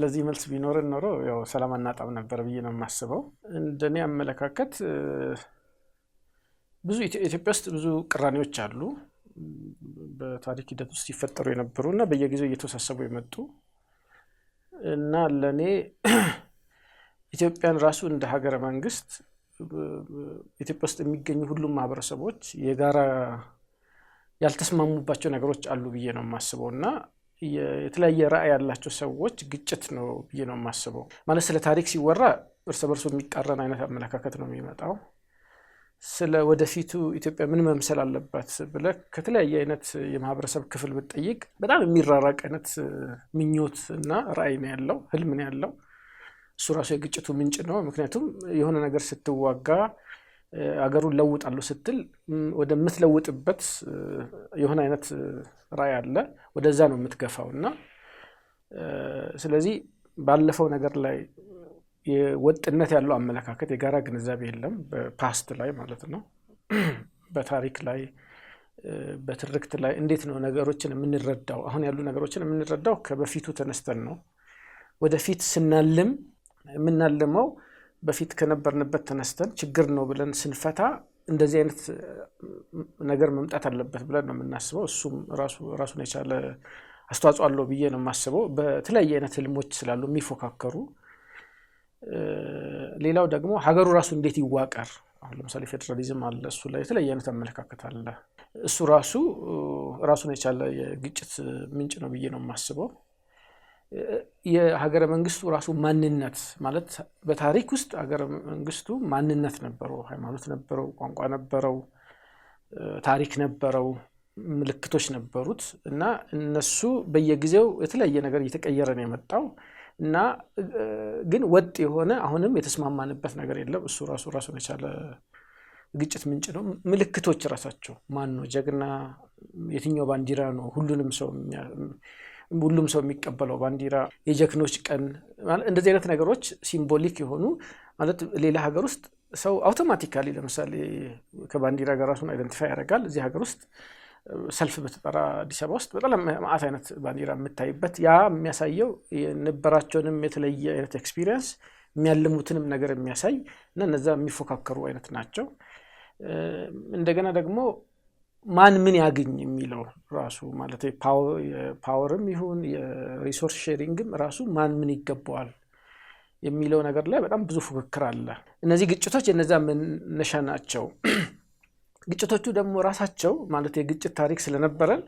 ለዚህ መልስ ቢኖረን ኖሮ ያው ሰላም አናጣም ነበር ብዬ ነው የማስበው። እንደኔ አመለካከት ብዙ ኢትዮጵያ ውስጥ ብዙ ቅራኔዎች አሉ በታሪክ ሂደት ውስጥ ሲፈጠሩ የነበሩ እና በየጊዜው እየተወሳሰቡ የመጡ እና ለእኔ ኢትዮጵያን ራሱ እንደ ሀገረ መንግስት ኢትዮጵያ ውስጥ የሚገኙ ሁሉም ማህበረሰቦች የጋራ ያልተስማሙባቸው ነገሮች አሉ ብዬ ነው የማስበው እና የተለያየ ራዕይ ያላቸው ሰዎች ግጭት ነው ብዬ ነው የማስበው። ማለት ስለ ታሪክ ሲወራ እርስ በርሱ የሚቃረን አይነት አመለካከት ነው የሚመጣው። ስለ ወደፊቱ ኢትዮጵያ ምን መምሰል አለባት ብለህ ከተለያየ አይነት የማህበረሰብ ክፍል ብትጠይቅ በጣም የሚራራቅ አይነት ምኞት እና ራዕይ ነው ያለው፣ ህልም ነው ያለው። እሱ ራሱ የግጭቱ ምንጭ ነው። ምክንያቱም የሆነ ነገር ስትዋጋ አገሩን ለውጣሉ ስትል ወደምትለውጥበት የሆነ አይነት ራይ አለ። ወደዛ ነው የምትገፋው እና ስለዚህ ባለፈው ነገር ላይ ወጥነት ያለው አመለካከት የጋራ ግንዛቤ የለም። በፓስት ላይ ማለት ነው፣ በታሪክ ላይ በትርክት ላይ እንዴት ነው ነገሮችን የምንረዳው? አሁን ያሉ ነገሮችን የምንረዳው ከበፊቱ ተነስተን ነው። ወደፊት ስናልም የምናልመው በፊት ከነበርንበት ተነስተን ችግር ነው ብለን ስንፈታ እንደዚህ አይነት ነገር መምጣት አለበት ብለን ነው የምናስበው። እሱም ራሱን የቻለ አስተዋጽኦ አለው ብዬ ነው የማስበው። በተለያየ አይነት ህልሞች ስላሉ የሚፎካከሩ ሌላው ደግሞ ሀገሩ ራሱ እንዴት ይዋቀር፣ አሁን ለምሳሌ ፌዴራሊዝም አለ። እሱ ላይ የተለያየ አይነት አመለካከት አለ። እሱ ራሱ ራሱን የቻለ የግጭት ምንጭ ነው ብዬ ነው የማስበው። የሀገረ መንግስቱ ራሱ ማንነት ማለት በታሪክ ውስጥ ሀገረ መንግስቱ ማንነት ነበረው፣ ሃይማኖት ነበረው፣ ቋንቋ ነበረው፣ ታሪክ ነበረው፣ ምልክቶች ነበሩት እና እነሱ በየጊዜው የተለያየ ነገር እየተቀየረ ነው የመጣው እና ግን ወጥ የሆነ አሁንም የተስማማንበት ነገር የለም። እሱ ራሱ ራሱን የቻለ ግጭት ምንጭ ነው። ምልክቶች ራሳቸው ማን ነው ጀግና፣ የትኛው ባንዲራ ነው ሁሉንም ሰው ሁሉም ሰው የሚቀበለው ባንዲራ፣ የጀክኖች ቀን እንደዚህ አይነት ነገሮች ሲምቦሊክ የሆኑ ማለት ሌላ ሀገር ውስጥ ሰው አውቶማቲካሊ ለምሳሌ ከባንዲራ ጋር ራሱን አይደንቲፋይ ያደርጋል። እዚህ ሀገር ውስጥ ሰልፍ በተጠራ አዲስ አበባ ውስጥ በጣም ማአት አይነት ባንዲራ የምታይበት ያ የሚያሳየው የነበራቸውንም የተለየ አይነት ኤክስፒሪየንስ የሚያልሙትንም ነገር የሚያሳይ እና እነዛ የሚፎካከሩ አይነት ናቸው። እንደገና ደግሞ ማን ምን ያግኝ ራሱ ማለት ፓወርም ይሁን የሪሶርስ ሼሪንግም ራሱ ማን ምን ይገባዋል የሚለው ነገር ላይ በጣም ብዙ ፉክክር አለ። እነዚህ ግጭቶች የነዛ መነሻ ናቸው። ግጭቶቹ ደግሞ ራሳቸው ማለት የግጭት ታሪክ ስለነበረን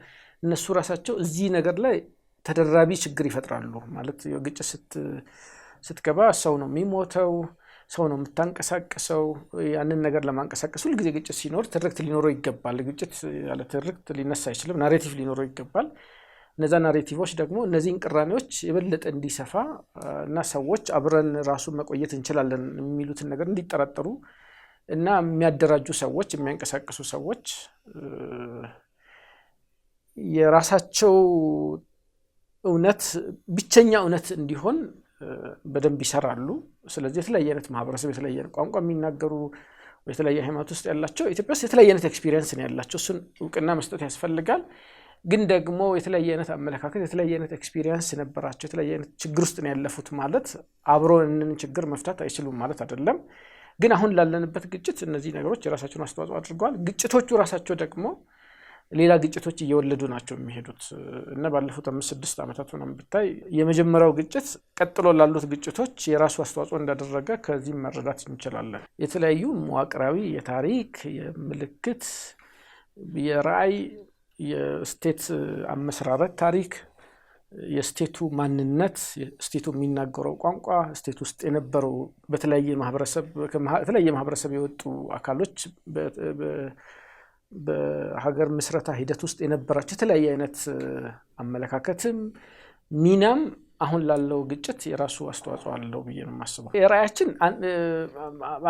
እነሱ ራሳቸው እዚህ ነገር ላይ ተደራቢ ችግር ይፈጥራሉ። ማለት ግጭት ስትገባ ሰው ነው የሚሞተው ሰው ነው የምታንቀሳቀሰው ያንን ነገር ለማንቀሳቀስ ሁል ጊዜ ግጭት ሲኖር ትርክት ሊኖረው ይገባል። ግጭት ያለ ትርክት ሊነሳ አይችልም። ናሬቲቭ ሊኖረው ይገባል። እነዛ ናሬቲቮች ደግሞ እነዚህን ቅራኔዎች የበለጠ እንዲሰፋ እና ሰዎች አብረን ራሱን መቆየት እንችላለን የሚሉትን ነገር እንዲጠራጠሩ እና የሚያደራጁ ሰዎች የሚያንቀሳቅሱ ሰዎች የራሳቸው እውነት ብቸኛ እውነት እንዲሆን በደንብ ይሰራሉ። ስለዚህ የተለያየ አይነት ማህበረሰብ፣ የተለያየ አይነት ቋንቋ የሚናገሩ የተለያየ ሃይማኖት ውስጥ ያላቸው ኢትዮጵያ ውስጥ የተለያየ አይነት ኤክስፒሪየንስ ነው ያላቸው። እሱን እውቅና መስጠት ያስፈልጋል። ግን ደግሞ የተለያየ አይነት አመለካከት፣ የተለያየ አይነት ኤክስፒሪየንስ ነበራቸው፣ የተለያየ አይነት ችግር ውስጥ ነው ያለፉት ማለት አብሮንን ችግር መፍታት አይችሉም ማለት አይደለም። ግን አሁን ላለንበት ግጭት እነዚህ ነገሮች የራሳቸውን አስተዋጽኦ አድርገዋል። ግጭቶቹ ራሳቸው ደግሞ ሌላ ግጭቶች እየወለዱ ናቸው የሚሄዱት እና ባለፉት አምስት ስድስት ዓመታት ሆነ ብታይ የመጀመሪያው ግጭት ቀጥሎ ላሉት ግጭቶች የራሱ አስተዋጽኦ እንዳደረገ ከዚህም መረዳት እንችላለን። የተለያዩ መዋቅራዊ የታሪክ፣ የምልክት፣ የራእይ የስቴት አመሰራረት ታሪክ፣ የስቴቱ ማንነት፣ ስቴቱ የሚናገረው ቋንቋ፣ ስቴት ውስጥ የነበሩ በተለያየ ማህበረሰብ የተለያየ ማህበረሰብ የወጡ አካሎች በሀገር ምስረታ ሂደት ውስጥ የነበራቸው የተለያየ አይነት አመለካከትም ሚናም አሁን ላለው ግጭት የራሱ አስተዋጽኦ አለው ብዬ ነው የማስበው። ራያችን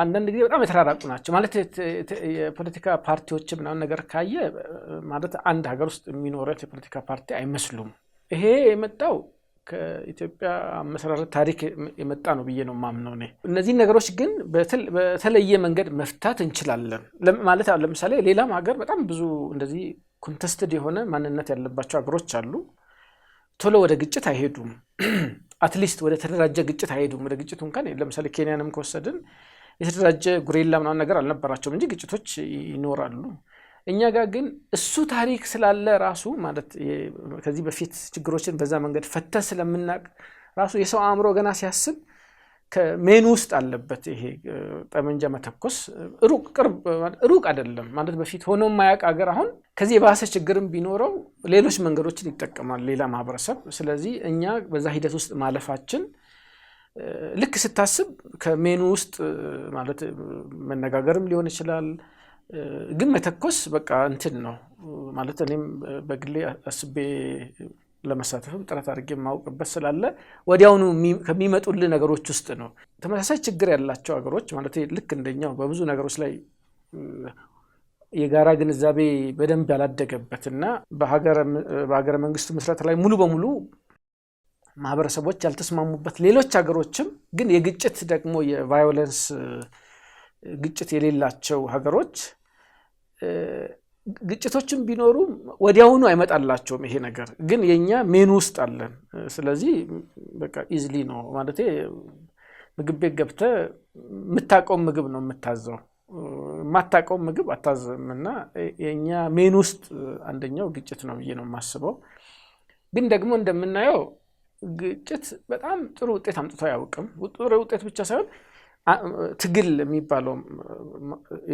አንዳንድ ጊዜ በጣም የተራራቁ ናቸው ማለት የፖለቲካ ፓርቲዎች ምናምን ነገር ካየ ማለት አንድ ሀገር ውስጥ የሚኖረት የፖለቲካ ፓርቲ አይመስሉም። ይሄ የመጣው ከኢትዮጵያ አመሰራረት ታሪክ የመጣ ነው ብዬ ነው ማምነው። እኔ እነዚህን ነገሮች ግን በተለየ መንገድ መፍታት እንችላለን ማለት ለምሳሌ ሌላም ሀገር በጣም ብዙ እንደዚህ ኮንተስትድ የሆነ ማንነት ያለባቸው ሀገሮች አሉ። ቶሎ ወደ ግጭት አይሄዱም። አትሊስት ወደ ተደራጀ ግጭት አይሄዱም። ወደ ግጭቱ እንኳን ለምሳሌ ኬንያንም ከወሰድን የተደራጀ ጉሬላ ምናምን ነገር አልነበራቸውም እንጂ ግጭቶች ይኖራሉ። እኛ ጋር ግን እሱ ታሪክ ስላለ ራሱ ማለት ከዚህ በፊት ችግሮችን በዛ መንገድ ፈተ ስለምናቅ ራሱ የሰው አእምሮ ገና ሲያስብ ከሜኑ ውስጥ አለበት። ይሄ ጠመንጃ መተኮስ ሩቅ ቅርብ አይደለም ማለት በፊት ሆኖ ማያቅ አገር አሁን ከዚህ የባሰ ችግርም ቢኖረው ሌሎች መንገዶችን ይጠቀማል ሌላ ማህበረሰብ። ስለዚህ እኛ በዛ ሂደት ውስጥ ማለፋችን ልክ ስታስብ ከሜኑ ውስጥ ማለት መነጋገርም ሊሆን ይችላል ግን መተኮስ በቃ እንትን ነው ማለት እኔም በግሌ አስቤ ለመሳተፍም ጥረት አድርጌ የማውቅበት ስላለ ወዲያውኑ ከሚመጡል ነገሮች ውስጥ ነው። ተመሳሳይ ችግር ያላቸው ሀገሮች ማለት ልክ እንደኛው በብዙ ነገሮች ላይ የጋራ ግንዛቤ በደንብ ያላደገበት እና በሀገረ መንግስት ምስረት ላይ ሙሉ በሙሉ ማህበረሰቦች ያልተስማሙበት ሌሎች ሀገሮችም ግን የግጭት ደግሞ የቫዮለንስ ግጭት የሌላቸው ሀገሮች ግጭቶችን ቢኖሩ ወዲያውኑ አይመጣላቸውም። ይሄ ነገር ግን የእኛ ሜን ውስጥ አለን። ስለዚህ በቃ ኢዝሊ ነው ማለት ምግብ ቤት ገብተ የምታውቀውን ምግብ ነው የምታዘው፣ የማታውቀውን ምግብ አታዘም እና የእኛ ሜን ውስጥ አንደኛው ግጭት ነው ብዬ ነው የማስበው። ግን ደግሞ እንደምናየው ግጭት በጣም ጥሩ ውጤት አምጥቶ አያውቅም። ጥሩ ውጤት ብቻ ሳይሆን ትግል የሚባለው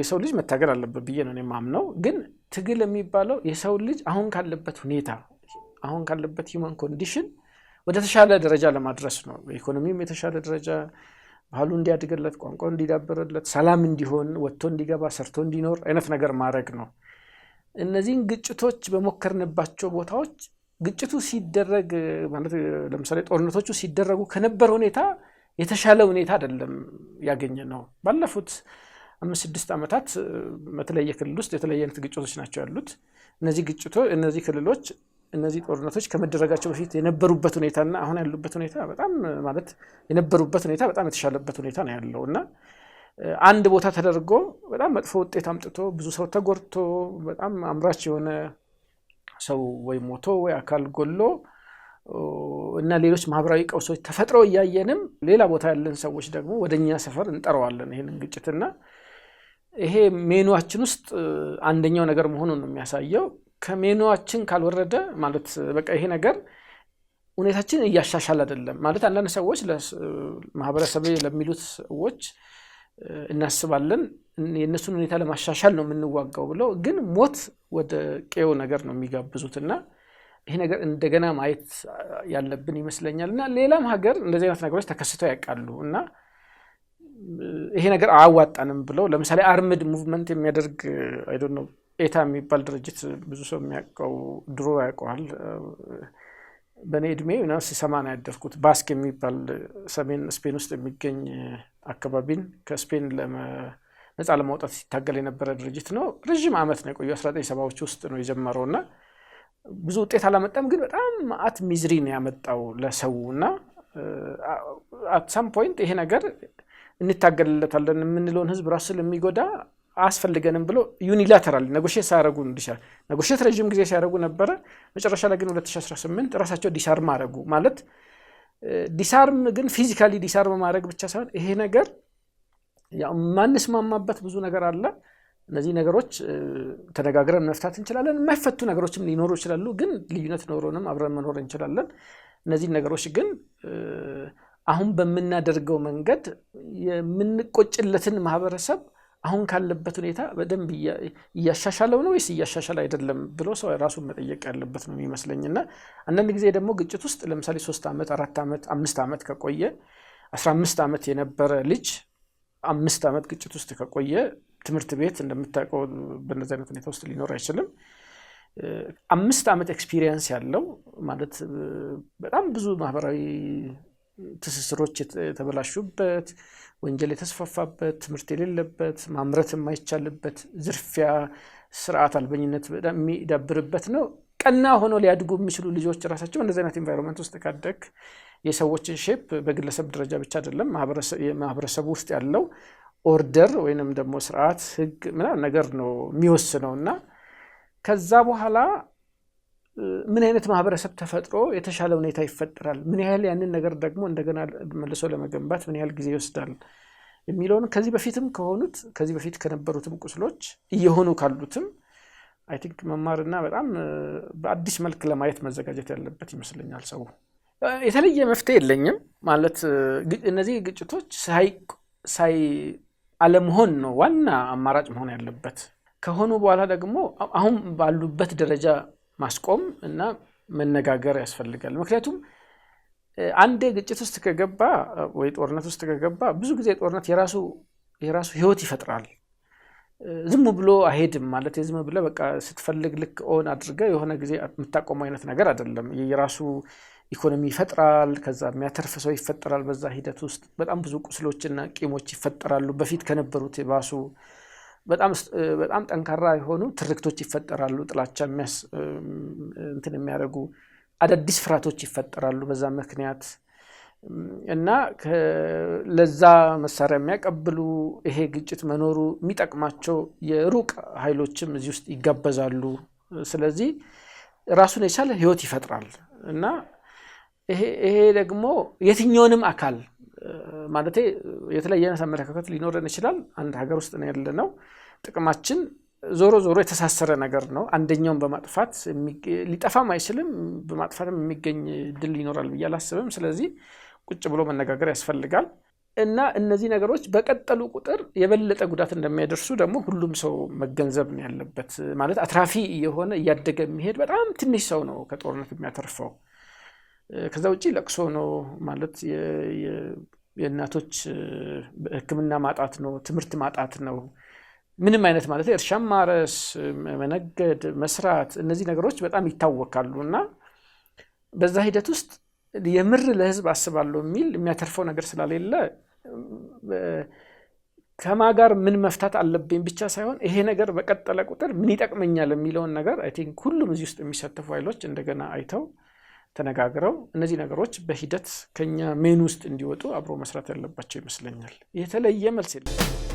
የሰው ልጅ መታገል አለበት ብዬ ነው የማምነው። ግን ትግል የሚባለው የሰው ልጅ አሁን ካለበት ሁኔታ አሁን ካለበት ሂውማን ኮንዲሽን ወደ ተሻለ ደረጃ ለማድረስ ነው። ኢኮኖሚም የተሻለ ደረጃ፣ ባህሉ እንዲያድግለት፣ ቋንቋው እንዲዳበረለት፣ ሰላም እንዲሆን፣ ወጥቶ እንዲገባ፣ ሰርቶ እንዲኖር አይነት ነገር ማድረግ ነው። እነዚህን ግጭቶች በሞከርንባቸው ቦታዎች ግጭቱ ሲደረግ ማለት ለምሳሌ ጦርነቶቹ ሲደረጉ ከነበረ ሁኔታ የተሻለ ሁኔታ አይደለም ያገኘ ነው። ባለፉት አምስት ስድስት ዓመታት በተለየ ክልል ውስጥ የተለየ አይነት ግጭቶች ናቸው ያሉት። እነዚህ ግጭቶ እነዚህ ክልሎች፣ እነዚህ ጦርነቶች ከመደረጋቸው በፊት የነበሩበት ሁኔታና አሁን ያሉበት ሁኔታ በጣም ማለት የነበሩበት ሁኔታ በጣም የተሻለበት ሁኔታ ነው ያለው እና አንድ ቦታ ተደርጎ በጣም መጥፎ ውጤት አምጥቶ ብዙ ሰው ተጎድቶ በጣም አምራች የሆነ ሰው ወይ ሞቶ ወይ አካል ጎሎ እና ሌሎች ማህበራዊ ቀውሶች ተፈጥረው እያየንም ሌላ ቦታ ያለን ሰዎች ደግሞ ወደ እኛ ሰፈር እንጠራዋለን ይህንን ግጭትና ይሄ ሜኑዋችን ውስጥ አንደኛው ነገር መሆኑን ነው የሚያሳየው። ከሜኑዋችን ካልወረደ ማለት በቃ ይሄ ነገር ሁኔታችን እያሻሻል አይደለም ማለት አንዳንድ ሰዎች ማህበረሰብ ለሚሉት ሰዎች እናስባለን የእነሱን ሁኔታ ለማሻሻል ነው የምንዋጋው ብለው ግን ሞት ወደ ቄው ነገር ነው የሚጋብዙትና ይሄ ነገር እንደገና ማየት ያለብን ይመስለኛል። እና ሌላም ሀገር እንደዚህ አይነት ነገሮች ተከስተው ያውቃሉ እና ይሄ ነገር አያዋጣንም ብለው ለምሳሌ አርምድ ሙቭመንት የሚያደርግ አይዶ ነው ኤታ የሚባል ድርጅት ብዙ ሰው የሚያውቀው ድሮ ያውቀዋል። በእኔ እድሜ ሲሰማ ነው ያደርኩት። ባስክ የሚባል ሰሜን ስፔን ውስጥ የሚገኝ አካባቢን ከስፔን ነፃ ለማውጣት ሲታገል የነበረ ድርጅት ነው። ረዥም ዓመት ነው የቆዩ አስራ ዘጠኝ ሰባዎች ውስጥ ነው የጀመረው እና ብዙ ውጤት አላመጣም፣ ግን በጣም አት ሚዝሪ ነው ያመጣው ለሰው እና አት ሳም ፖይንት ይሄ ነገር እንታገልለታለን የምንለውን ህዝብ ራሱ የሚጎዳ አስፈልገንም ብሎ ዩኒላተራል ነጎሼት ሳያደረጉ እንዲሻል ነጎሼት ረዥም ጊዜ ሲያደረጉ ነበረ። መጨረሻ ላይ ግን 2018 ራሳቸው ዲሳርም አደረጉ። ማለት ዲሳርም ግን ፊዚካሊ ዲሳርም ማድረግ ብቻ ሳይሆን ይሄ ነገር ማንስማማበት የማንስማማበት ብዙ ነገር አለ። እነዚህ ነገሮች ተነጋግረን መፍታት እንችላለን። የማይፈቱ ነገሮችም ሊኖሩ ይችላሉ። ግን ልዩነት ኖሮንም አብረን መኖር እንችላለን። እነዚህ ነገሮች ግን አሁን በምናደርገው መንገድ የምንቆጭለትን ማህበረሰብ አሁን ካለበት ሁኔታ በደንብ እያሻሻለው ነው ወይስ እያሻሻለ አይደለም ብሎ ሰው ራሱን መጠየቅ ያለበት ነው የሚመስለኝ። እና አንዳንድ ጊዜ ደግሞ ግጭት ውስጥ ለምሳሌ ሶስት ዓመት አራት ዓመት አምስት ዓመት ከቆየ አስራ አምስት ዓመት የነበረ ልጅ አምስት ዓመት ግጭት ውስጥ ከቆየ ትምህርት ቤት እንደምታውቀው በነዚ አይነት ሁኔታ ውስጥ ሊኖር አይችልም። አምስት ዓመት ኤክስፒሪየንስ ያለው ማለት በጣም ብዙ ማህበራዊ ትስስሮች የተበላሹበት፣ ወንጀል የተስፋፋበት፣ ትምህርት የሌለበት፣ ማምረት የማይቻልበት፣ ዝርፊያ፣ ስርዓት አልበኝነት በጣም የሚዳብርበት ነው። ቀና ሆኖ ሊያድጉ የሚችሉ ልጆች ራሳቸው እንደዚህ አይነት ኤንቫይሮንመንት ውስጥ ካደግ የሰዎችን ሼፕ በግለሰብ ደረጃ ብቻ አይደለም ማህበረሰቡ ውስጥ ያለው ኦርደር ወይንም ደግሞ ስርዓት ህግ ምናምን ነገር ነው የሚወስነው እና ከዛ በኋላ ምን አይነት ማህበረሰብ ተፈጥሮ የተሻለ ሁኔታ ይፈጠራል፣ ምን ያህል ያንን ነገር ደግሞ እንደገና መልሶ ለመገንባት ምን ያህል ጊዜ ይወስዳል የሚለውን ከዚህ በፊትም ከሆኑት ከዚህ በፊት ከነበሩትም ቁስሎች እየሆኑ ካሉትም አይ ቲንክ መማርና በጣም በአዲስ መልክ ለማየት መዘጋጀት ያለበት ይመስለኛል። ሰው የተለየ መፍትሄ የለኝም ማለት እነዚህ ግጭቶች ሳይ አለመሆን ነው ዋና አማራጭ መሆን ያለበት። ከሆኑ በኋላ ደግሞ አሁን ባሉበት ደረጃ ማስቆም እና መነጋገር ያስፈልጋል። ምክንያቱም አንዴ ግጭት ውስጥ ከገባ ወይ ጦርነት ውስጥ ከገባ ብዙ ጊዜ ጦርነት የራሱ የራሱ ህይወት ይፈጥራል። ዝም ብሎ አይሄድም ማለት ዝም ብለ በቃ ስትፈልግ ልክ ኦን አድርገ የሆነ ጊዜ የምታቆሙ አይነት ነገር አይደለም የራሱ ኢኮኖሚ ይፈጥራል። ከዛ የሚያተርፍ ሰው ይፈጠራል። በዛ ሂደት ውስጥ በጣም ብዙ ቁስሎችና ቂሞች ይፈጠራሉ። በፊት ከነበሩት የባሱ በጣም ጠንካራ የሆኑ ትርክቶች ይፈጠራሉ። ጥላቻ እንትን የሚያደርጉ አዳዲስ ፍርሃቶች ይፈጠራሉ። በዛ ምክንያት እና ለዛ መሳሪያ የሚያቀብሉ ይሄ ግጭት መኖሩ የሚጠቅማቸው የሩቅ ኃይሎችም እዚህ ውስጥ ይጋበዛሉ። ስለዚህ ራሱን የቻለ ህይወት ይፈጥራል እና ይሄ ደግሞ የትኛውንም አካል ማለት የተለያየ አይነት አመለካከት ሊኖረን ይችላል። አንድ ሀገር ውስጥ ነው ያለ ነው። ጥቅማችን ዞሮ ዞሮ የተሳሰረ ነገር ነው። አንደኛውን በማጥፋት ሊጠፋም አይችልም፣ በማጥፋትም የሚገኝ ድል ይኖራል ብዬ አላስብም። ስለዚህ ቁጭ ብሎ መነጋገር ያስፈልጋል እና እነዚህ ነገሮች በቀጠሉ ቁጥር የበለጠ ጉዳት እንደሚያደርሱ ደግሞ ሁሉም ሰው መገንዘብ ያለበት። ማለት አትራፊ የሆነ እያደገ የሚሄድ በጣም ትንሽ ሰው ነው ከጦርነት የሚያተርፈው። ከዛ ውጭ ለቅሶ ነው ማለት የእናቶች ህክምና ማጣት ነው፣ ትምህርት ማጣት ነው። ምንም አይነት ማለት እርሻ ማረስ፣ መነገድ፣ መስራት እነዚህ ነገሮች በጣም ይታወቃሉ እና በዛ ሂደት ውስጥ የምር ለህዝብ አስባለሁ የሚል የሚያተርፈው ነገር ስላሌለ ከማ ጋር ምን መፍታት አለብኝ ብቻ ሳይሆን ይሄ ነገር በቀጠለ ቁጥር ምን ይጠቅመኛል የሚለውን ነገር አይ ቲንክ ሁሉም እዚህ ውስጥ የሚሳተፉ ኃይሎች እንደገና አይተው ተነጋግረው እነዚህ ነገሮች በሂደት ከኛ ሜን ውስጥ እንዲወጡ አብሮ መስራት ያለባቸው ይመስለኛል። የተለየ መልስ የለም።